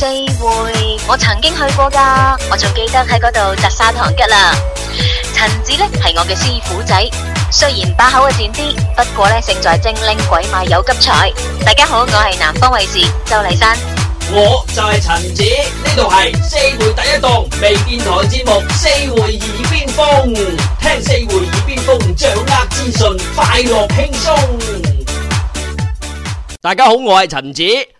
四會，我曾經去過噶，我仲記得喺嗰度摘砂糖桔啦。陳子呢係我嘅師傅仔，雖然把口啊賤啲，不過呢勝在精靈鬼馬有急才。大家好，我係南方衛視周麗珊，我就係陳子，呢度係四會第一檔微電台節目《四會耳邊風》，聽四會耳邊風，掌握資訊，快樂輕鬆。大家好，我係陳子。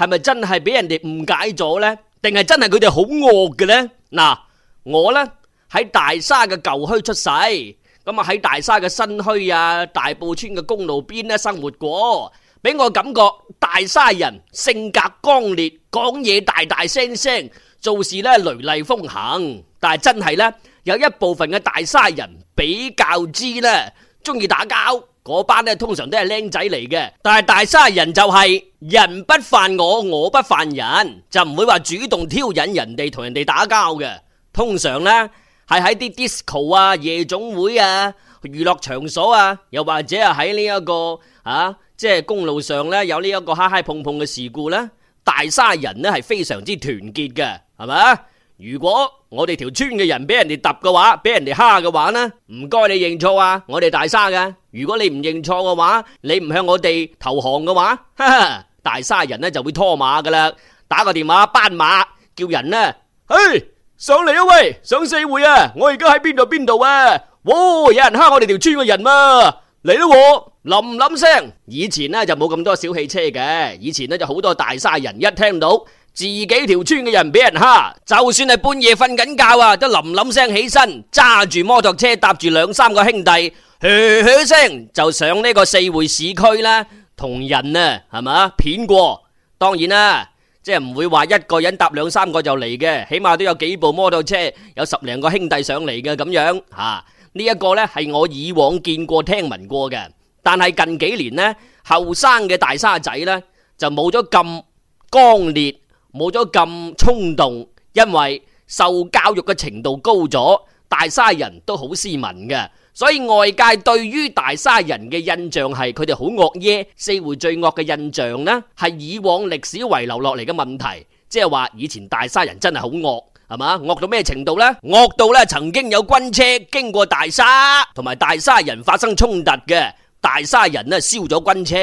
係咪真係俾人哋誤解咗咧？定係真係佢哋好惡嘅咧？嗱，我咧喺大沙嘅舊墟出世，咁啊喺大沙嘅新墟啊，大埔村嘅公路邊咧生活過，俾我感覺大沙人性格剛烈，講嘢大大聲聲，做事咧雷厲風行。但係真係咧有一部分嘅大沙人比較之啦，中意打交。嗰班咧通常都係僆仔嚟嘅，但係大沙人就係人不犯我，我不犯人，就唔會話主動挑釁人哋同人哋打交嘅。通常咧係喺啲 disco 啊、夜總會啊、娛樂場所啊，又或者係喺呢一個啊，即係公路上咧有呢一個揩揩碰碰嘅事故咧，大沙人咧係非常之團結嘅，係咪啊？如果我哋條村嘅人俾人哋揼嘅話，俾人哋蝦嘅話呢？唔該，你認錯啊！我哋大沙噶。如果你唔認錯嘅話，你唔向我哋投降嘅話哈哈，大沙人呢就會拖馬噶啦。打個電話，班馬叫人呢，嘿、hey，上嚟啊喂，上四會啊！我而家喺邊度邊度啊？哇、哦！有人蝦我哋條村嘅人啊！嚟啦、啊！林林聲。以前呢就冇咁多小汽車嘅，以前呢就好多大沙人，一聽到。自己條村嘅人俾人蝦，就算係半夜瞓緊覺啊，都林林聲起身，揸住摩托車，搭住兩三個兄弟，噓噓聲就上呢個四會市區啦，同人啊係咪騙過。當然啦，即係唔會話一個人搭兩三個就嚟嘅，起碼都有幾部摩托車，有十零個兄弟上嚟嘅咁樣吓。呢一個咧係我以往見過、聽聞過嘅，但係近幾年咧後生嘅大沙仔咧就冇咗咁剛烈。冇咗咁衝動，因為受教育嘅程度高咗，大沙人都好斯文嘅，所以外界對於大沙人嘅印象係佢哋好惡耶。四會最惡嘅印象呢，係以往歷史遺留落嚟嘅問題，即係話以前大沙人真係好惡，係嘛？惡到咩程度呢？惡到咧，曾經有軍車經過大沙，同埋大沙人發生衝突嘅，大沙人呢燒咗軍車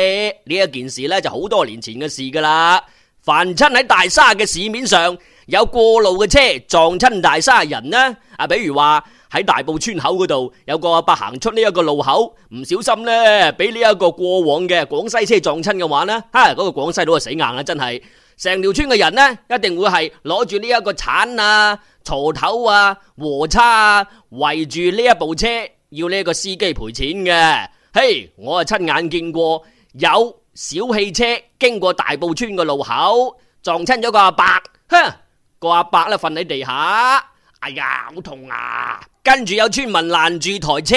呢一件事呢，就好多年前嘅事噶啦。凡親喺大沙嘅市面上有過路嘅車撞親大沙人呢？啊，比如話喺大埔村口嗰度有個阿伯行出呢一個路口，唔小心呢俾呢一個過往嘅廣西車撞親嘅話呢？吓、哎，嗰、嗰個廣西佬啊死硬啦，真係成條村嘅人呢一定會係攞住呢一個鏟啊、鋤頭啊、禾叉啊圍住呢一部車，要呢一個司機賠錢嘅。嘿、hey，我啊親眼見過有。小汽車經過大埔村嘅路口，撞親咗個阿伯，哼，個阿伯呢瞓喺地下，哎呀好痛啊！跟住有村民攔住台車，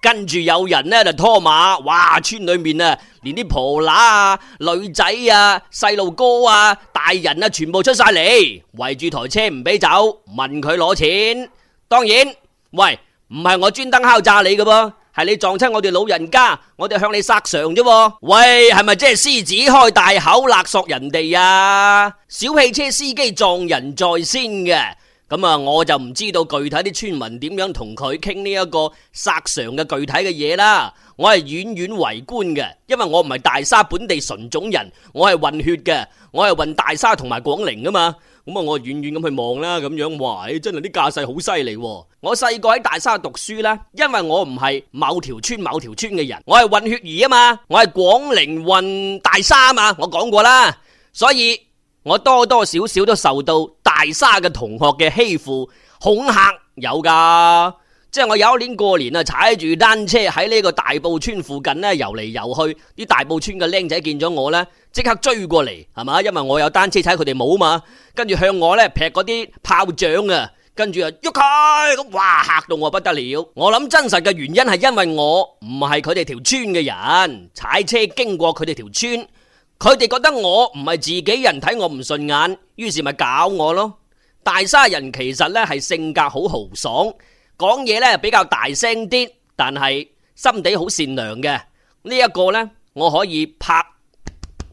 跟住有人呢就拖馬，哇！村裏面啊，連啲婆乸啊、女仔啊、細路哥啊、大人啊，全部出晒嚟，圍住台車唔俾走，問佢攞錢。當然，喂，唔係我專登敲詐你嘅噃。係你撞親我哋老人家，我哋向你索償啫。喂，係咪即係獅子開大口勒索人哋啊？小汽車司機撞人在先嘅，咁、嗯、啊，我就唔知道具體啲村民點樣同佢傾呢一個索償嘅具體嘅嘢啦。我係遠遠圍觀嘅，因為我唔係大沙本地純種人，我係混血嘅，我係混大沙同埋廣寧㗎嘛。咁、欸、啊，我遠遠咁去望啦，咁樣哇，唉，真係啲架勢好犀利。我細個喺大沙讀書啦，因為我唔係某條村某條村嘅人，我係混血兒啊嘛，我係廣寧混大沙啊嘛，我講過啦，所以我多多少少都受到大沙嘅同學嘅欺負恐嚇，有噶。即係我有一年過年啊，踩住單車喺呢個大埔村附近呢遊嚟遊去。啲大埔村嘅僆仔見咗我呢，即刻追過嚟，係嘛？因為我有單車踩，佢哋冇嘛。跟住向我呢劈嗰啲炮仗啊，跟住啊喐佢咁，哇嚇到我不得了。我諗真實嘅原因係因為我唔係佢哋條村嘅人，踩車經過佢哋條村，佢哋覺得我唔係自己人，睇我唔順眼，於是咪搞我咯。大沙人其實呢係性格好豪爽。講嘢咧比較大聲啲，但係心底好善良嘅。呢一個呢，我可以拍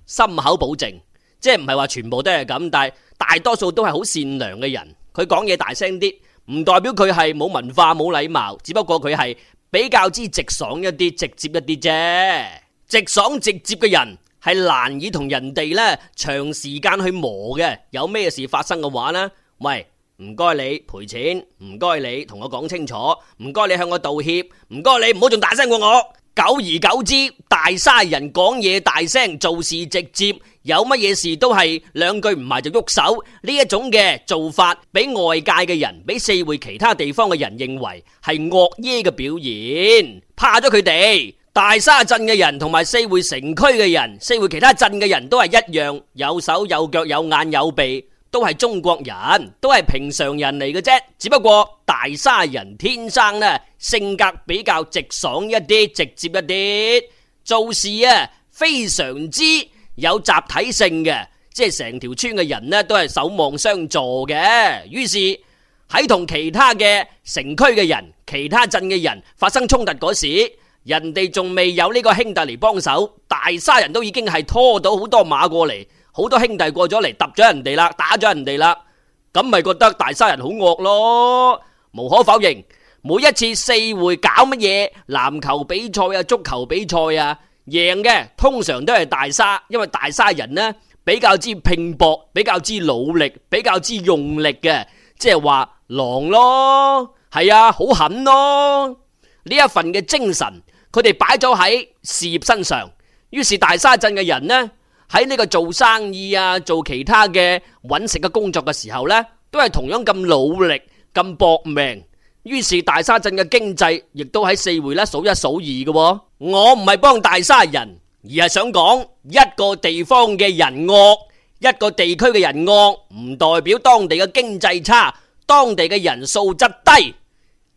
心口保證，即係唔係話全部都係咁，但係大多數都係好善良嘅人。佢講嘢大聲啲，唔代表佢係冇文化冇禮貌，只不過佢係比較之直爽一啲、直接一啲啫。直爽直接嘅人係難以同人哋呢長時間去磨嘅。有咩事發生嘅話呢，喂。唔該你賠錢，唔該你同我講清楚，唔該你向我道歉，唔該你唔好仲大聲過我。久而久之，大沙人講嘢大聲，做事直接，有乜嘢事都係兩句唔埋就喐手。呢一種嘅做法，俾外界嘅人，俾四會其他地方嘅人認為係惡嘢嘅表現，怕咗佢哋。大沙鎮嘅人同埋四會城區嘅人，四會其他鎮嘅人都係一樣，有手有腳有眼有鼻，都係中國人，都係平常人嚟嘅啫。只不過大沙人天生呢性格比較直爽一啲，直接一啲，做事啊非常之有集體性嘅，即係成條村嘅人呢都係守望相助嘅。於是喺同其他嘅城區嘅人、其他鎮嘅人發生衝突嗰時，人哋仲未有呢個兄弟嚟幫手，大沙人都已經係拖到好多馬過嚟。好多兄弟過咗嚟，揼咗人哋啦，打咗人哋啦，咁咪覺得大沙人好惡咯？無可否認，每一次四會搞乜嘢籃球比賽啊、足球比賽啊，贏嘅通常都係大沙，因為大沙人呢比較之拼搏，比較之努力，比較之用力嘅，即係話狼咯，係啊，好狠咯！呢一份嘅精神，佢哋擺咗喺事業身上，於是大沙鎮嘅人呢？喺呢個做生意啊，做其他嘅揾食嘅工作嘅時候呢，都係同樣咁努力咁搏命。於是大沙鎮嘅經濟亦都喺四會呢數一數二嘅哦。我唔係幫大沙人，而係想講一個地方嘅人惡，一個地區嘅人惡，唔代表當地嘅經濟差，當地嘅人素質低。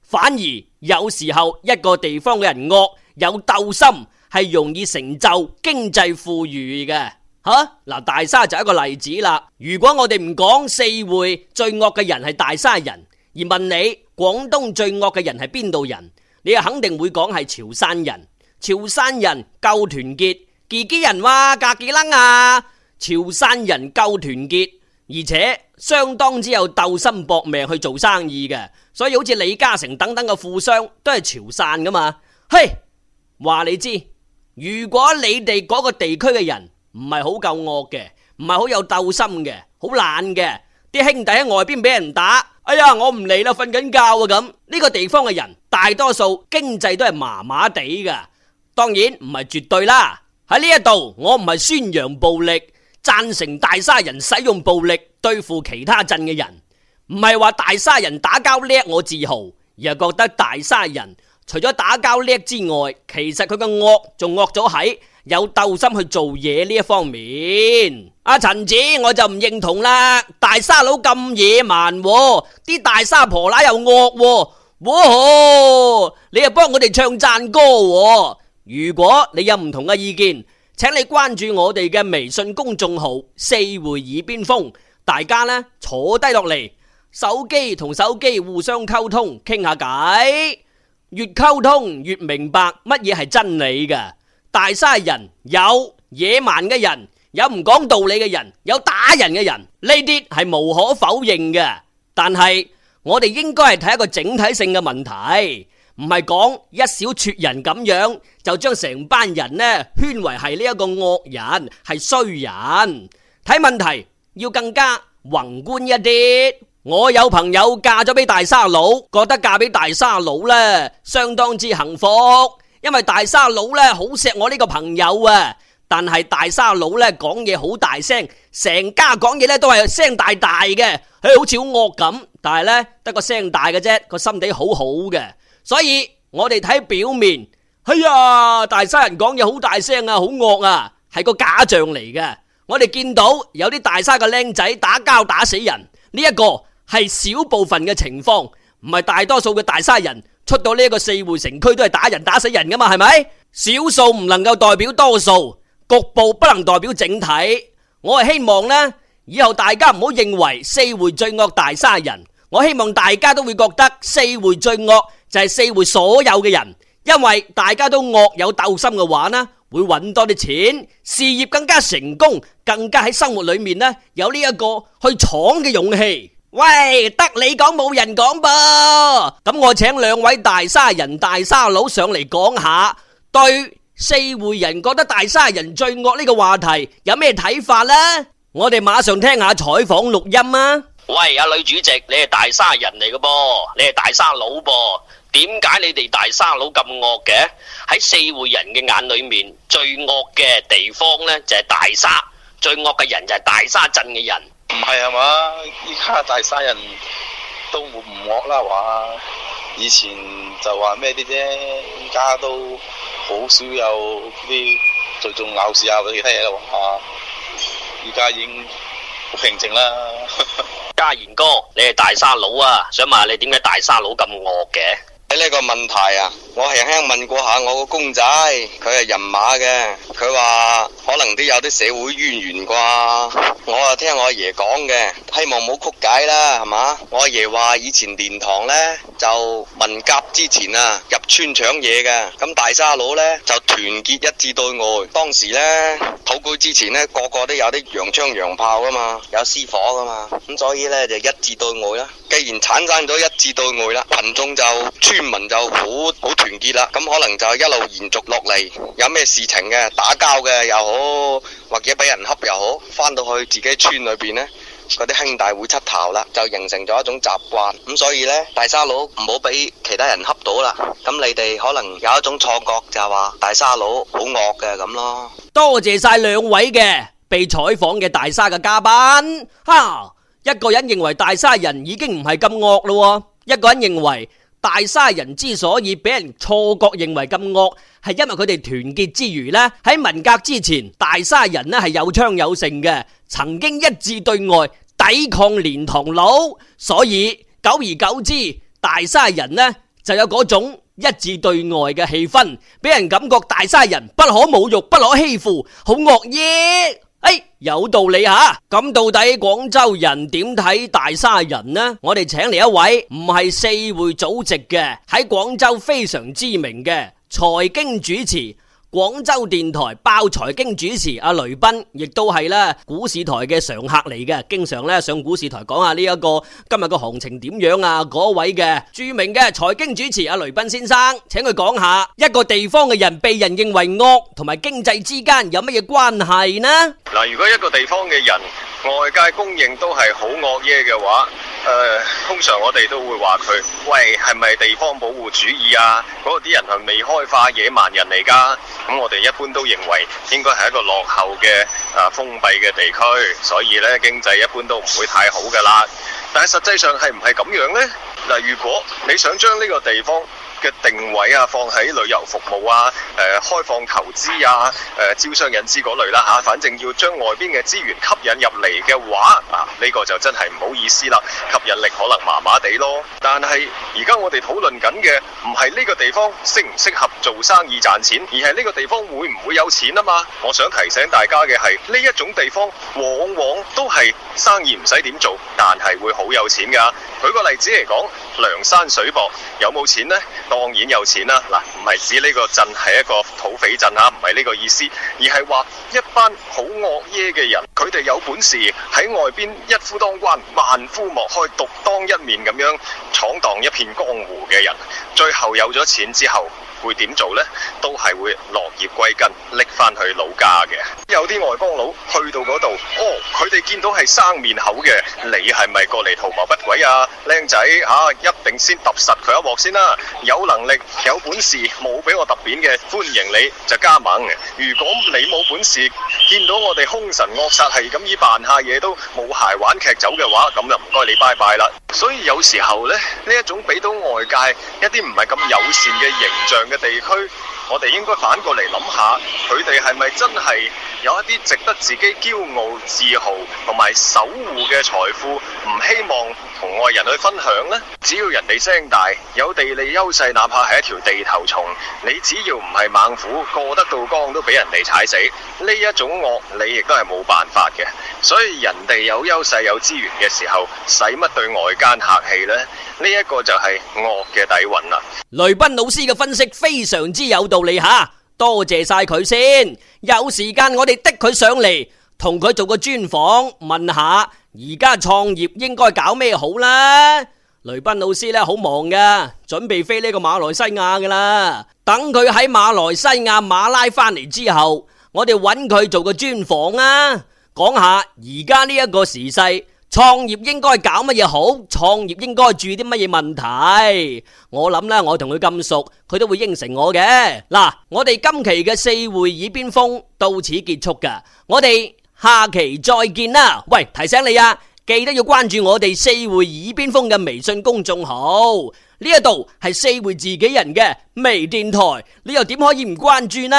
反而有時候一個地方嘅人惡有鬥心，係容易成就經濟富裕嘅。吓嗱，大沙就一個例子啦。如果我哋唔講四會最惡嘅人係大沙人，而問你廣東最惡嘅人係邊度人，你就肯定會講係潮汕人。潮汕人夠團結，自己人哇，格幾楞啊！潮汕人夠團結，而且相當之有鬥心搏命去做生意嘅，所以好似李嘉誠等等嘅富商都係潮汕噶嘛。嘿，話你知，如果你哋嗰個地區嘅人。唔係好夠惡嘅，唔係好有鬥心嘅，好懶嘅。啲兄弟喺外邊俾人打，哎呀，我唔嚟啦，瞓緊覺啊咁。呢個地方嘅人，大多數經濟都係麻麻地噶。當然唔係絕對啦。喺呢一度，我唔係宣揚暴力，贊成大沙人使用暴力對付其他鎮嘅人，唔係話大沙人打交叻我自豪，而係覺得大沙人。除咗打交叻之外，其實佢個惡仲惡咗喺有鬥心去做嘢呢一方面。阿陳子，我就唔認同啦。大沙佬咁野蠻，啲大沙婆乸又惡喎，你又幫我哋唱讚歌。如果你有唔同嘅意見，請你關注我哋嘅微信公眾號《四會耳邊風》，大家呢坐低落嚟，手機同手機互相溝通，傾下偈。越溝通越明白乜嘢係真理㗎。大沙人有野蠻嘅人，有唔講道理嘅人，有打人嘅人，呢啲係無可否認嘅。但係我哋應該係睇一個整體性嘅問題，唔係講一小撮人咁樣就將成班人呢圈為係呢一個惡人係衰人。睇問題要更加宏觀一啲。我有朋友嫁咗俾大沙佬，覺得嫁俾大沙佬呢相當之幸福，因為大沙佬呢好錫我呢個朋友啊。但係大沙佬呢講嘢好大聲，成家講嘢呢都係聲大大嘅，好似好惡咁。但係呢得個聲大嘅啫，個心地好好嘅。所以我哋睇表面，哎呀，大沙人講嘢好大聲啊，好惡啊，係個假象嚟嘅。我哋見到有啲大沙嘅僆仔打交打死人呢一個。係小部分嘅情況，唔係大多數嘅大沙人出到呢一個四會城區都係打人打死人噶嘛，係咪？少數唔能夠代表多數，局部不能代表整體。我係希望呢以後大家唔好認為四會最惡大沙人。我希望大家都會覺得四會最惡就係四會所有嘅人，因為大家都惡有鬥心嘅話呢，會揾多啲錢，事業更加成功，更加喺生活裏面呢有呢一個去闖嘅勇氣。喂，得你講冇人講噃，咁我請兩位大沙人、大沙佬上嚟講下，對四會人覺得大沙人最惡呢個話題有咩睇法呢？我哋馬上聽下採訪錄音啊！喂，阿女主席，你係大沙人嚟㗎噃，你係大沙佬噃，點解你哋大沙佬咁惡嘅？喺四會人嘅眼裏面，最惡嘅地方呢就係大沙，最惡嘅人就係大沙鎮嘅人。唔係啊？嘛，依家大沙人都唔惡啦，話以前就話咩啲啫，依家都好少有啲聚眾鬧事啊或者其他嘢咯，吓，依家已經好平靜啦。 家賢哥，你係大沙佬啊，想問下你點解大沙佬咁惡嘅？呢個問題啊，我輕輕問過下我個公仔，佢係人馬嘅，佢話可能都有啲社會淵源啩。我啊聽我阿爺講嘅，希望冇曲解啦，係嘛？我阿爺話以前蓮塘呢就文革之前啊入村搶嘢嘅，咁大沙佬呢就團結一致對外。當時呢，土改之前呢，個個都有啲洋槍洋炮噶嘛，有私火噶嘛，咁所以呢，就一致對外啦。既然產生咗一致對外啦，群眾就村。民就好好團結啦，咁可能就一路延續落嚟。有咩事情嘅打交嘅又好，或者俾人恰又好，翻到去自己村裏邊呢，嗰啲兄弟會出頭啦，就形成咗一種習慣。咁所以呢，大沙佬唔好俾其他人恰到啦。咁你哋可能有一種錯覺，就係話大沙佬好惡嘅咁咯。多謝晒兩位嘅被採訪嘅大沙嘅嘉賓。哈，一個人認為大沙人已經唔係咁惡咯，一個人認為。大沙人之所以俾人錯覺認為咁惡，係因為佢哋團結之餘咧，喺文革之前，大沙人咧係有槍有剩嘅，曾經一致對外抵抗連堂佬，所以久而久之，大沙人咧就有嗰種一致對外嘅氣氛，俾人感覺大沙人不可侮辱、不可欺負，好惡意。誒、哎，有道理吓。咁、啊、到底廣州人點睇大沙人呢？我哋請嚟一位唔係四會祖籍嘅，喺廣州非常知名嘅財經主持。，廣州電台包財經主持阿雷斌，亦都係咧股市檯嘅常客嚟嘅，經常咧上股市台講下呢一個今日個行情點樣啊？嗰位嘅著名嘅財經主持阿雷斌先生，請佢講下一個地方嘅人被人認為惡，同埋經濟之間有乜嘢關係呢？嗱，如果一個地方嘅人外界公認都係好惡耶嘅話誒、呃，通常我哋都會話佢，喂，係咪地方保護主義啊？嗰啲人係未開化野蠻人嚟噶，咁我哋一般都認為應該係一個落後嘅啊封閉嘅地區，所以呢經濟一般都唔會太好噶啦。但係實際上係唔係咁樣呢？嗱，如果你想將呢個地方，嘅定位啊，放喺旅遊服務啊，誒、呃，開放投資啊，誒、呃，招商引資嗰類啦、啊、吓，反正要將外邊嘅資源吸引入嚟嘅話，啊，呢、這個就真係唔好意思啦，吸引力可能麻麻地咯。但係而家我哋討論緊嘅唔係呢個地方適唔適合做生意賺錢，而係呢個地方會唔會有錢啊嘛。我想提醒大家嘅係呢一種地方，往往都係生意唔使點做，但係會好有錢噶。舉個例子嚟講，梁山水泊有冇錢咧？當然有錢啦、啊！嗱，唔係指呢個鎮係一個土匪鎮啊，唔係呢個意思，而係話一班好惡嘢嘅人。佢哋有本事喺外邊一夫當關萬夫莫開獨當一面咁樣闖蕩一片江湖嘅人，最後有咗錢之後會點做咧？都係會落葉歸根，拎返去老家嘅。有啲外邦佬去到嗰度，哦，佢哋見到係生面口嘅，你係咪過嚟圖謀不軌啊，靚仔啊一定先揼實佢一鑊先啦、啊。有能力有本事冇俾我揼扁嘅，歡迎你就加盟。如果你冇本事，見到我哋凶神惡煞。係咁以扮下嘢都冇鞋玩劇走嘅話，咁就唔該你拜拜啦。所以有時候呢，呢一種俾到外界一啲唔係咁友善嘅形象嘅地區，我哋應該反過嚟諗下，佢哋係咪真係有一啲值得自己驕傲、自豪同埋守護嘅財富，唔希望？同外人去分享咧，只要人哋聲大，有地理優勢，哪怕係一條地頭蟲，你只要唔係猛虎，過得到江都俾人哋踩死。呢一種惡，你亦都係冇辦法嘅。所以人哋有優勢、有資源嘅時候，使乜對外間客氣咧？呢一個就係惡嘅底蘊啦。雷斌老師嘅分析非常之有道理吓，多謝晒佢先。有時間我哋的佢上嚟，同佢做個專訪，問下。而家創業應該搞咩好呢？雷斌老師咧好忙噶，準備飛呢個馬來西亞噶啦。等佢喺馬來西亞馬拉翻嚟之後，我哋揾佢做個專訪啊，講下而家呢一個時勢，創業應該搞乜嘢好，創業應該注意啲乜嘢問題。我諗呢，我同佢咁熟，佢都會應承我嘅。嗱，我哋今期嘅四會耳邊風到此結束噶，我哋。下期再見啦！喂，提醒你啊，記得要關注我哋四會耳邊風嘅微信公眾號。呢一度係四會自己人嘅微電台，你又點可以唔關注呢？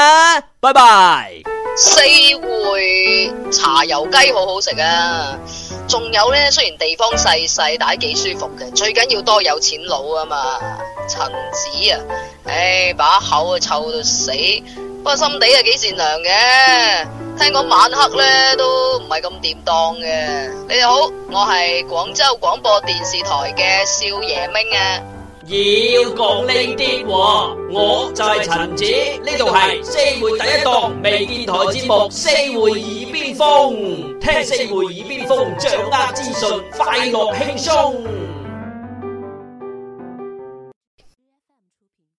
拜拜。四會茶油雞好好食啊！仲有呢，雖然地方細細，但係幾舒服嘅。最緊要多有錢佬啊嘛！陳子啊，唉、哎，把口啊臭到死。不過心底係幾善良嘅，聽講晚黑咧都唔係咁掂當嘅。你哋好，我係廣州廣播電視台嘅少爺明啊。要講呢啲話，我就係陳子。呢度係四會第一檔微電台節目《四會耳邊風》，聽四會耳邊風，掌握資訊，快樂輕鬆。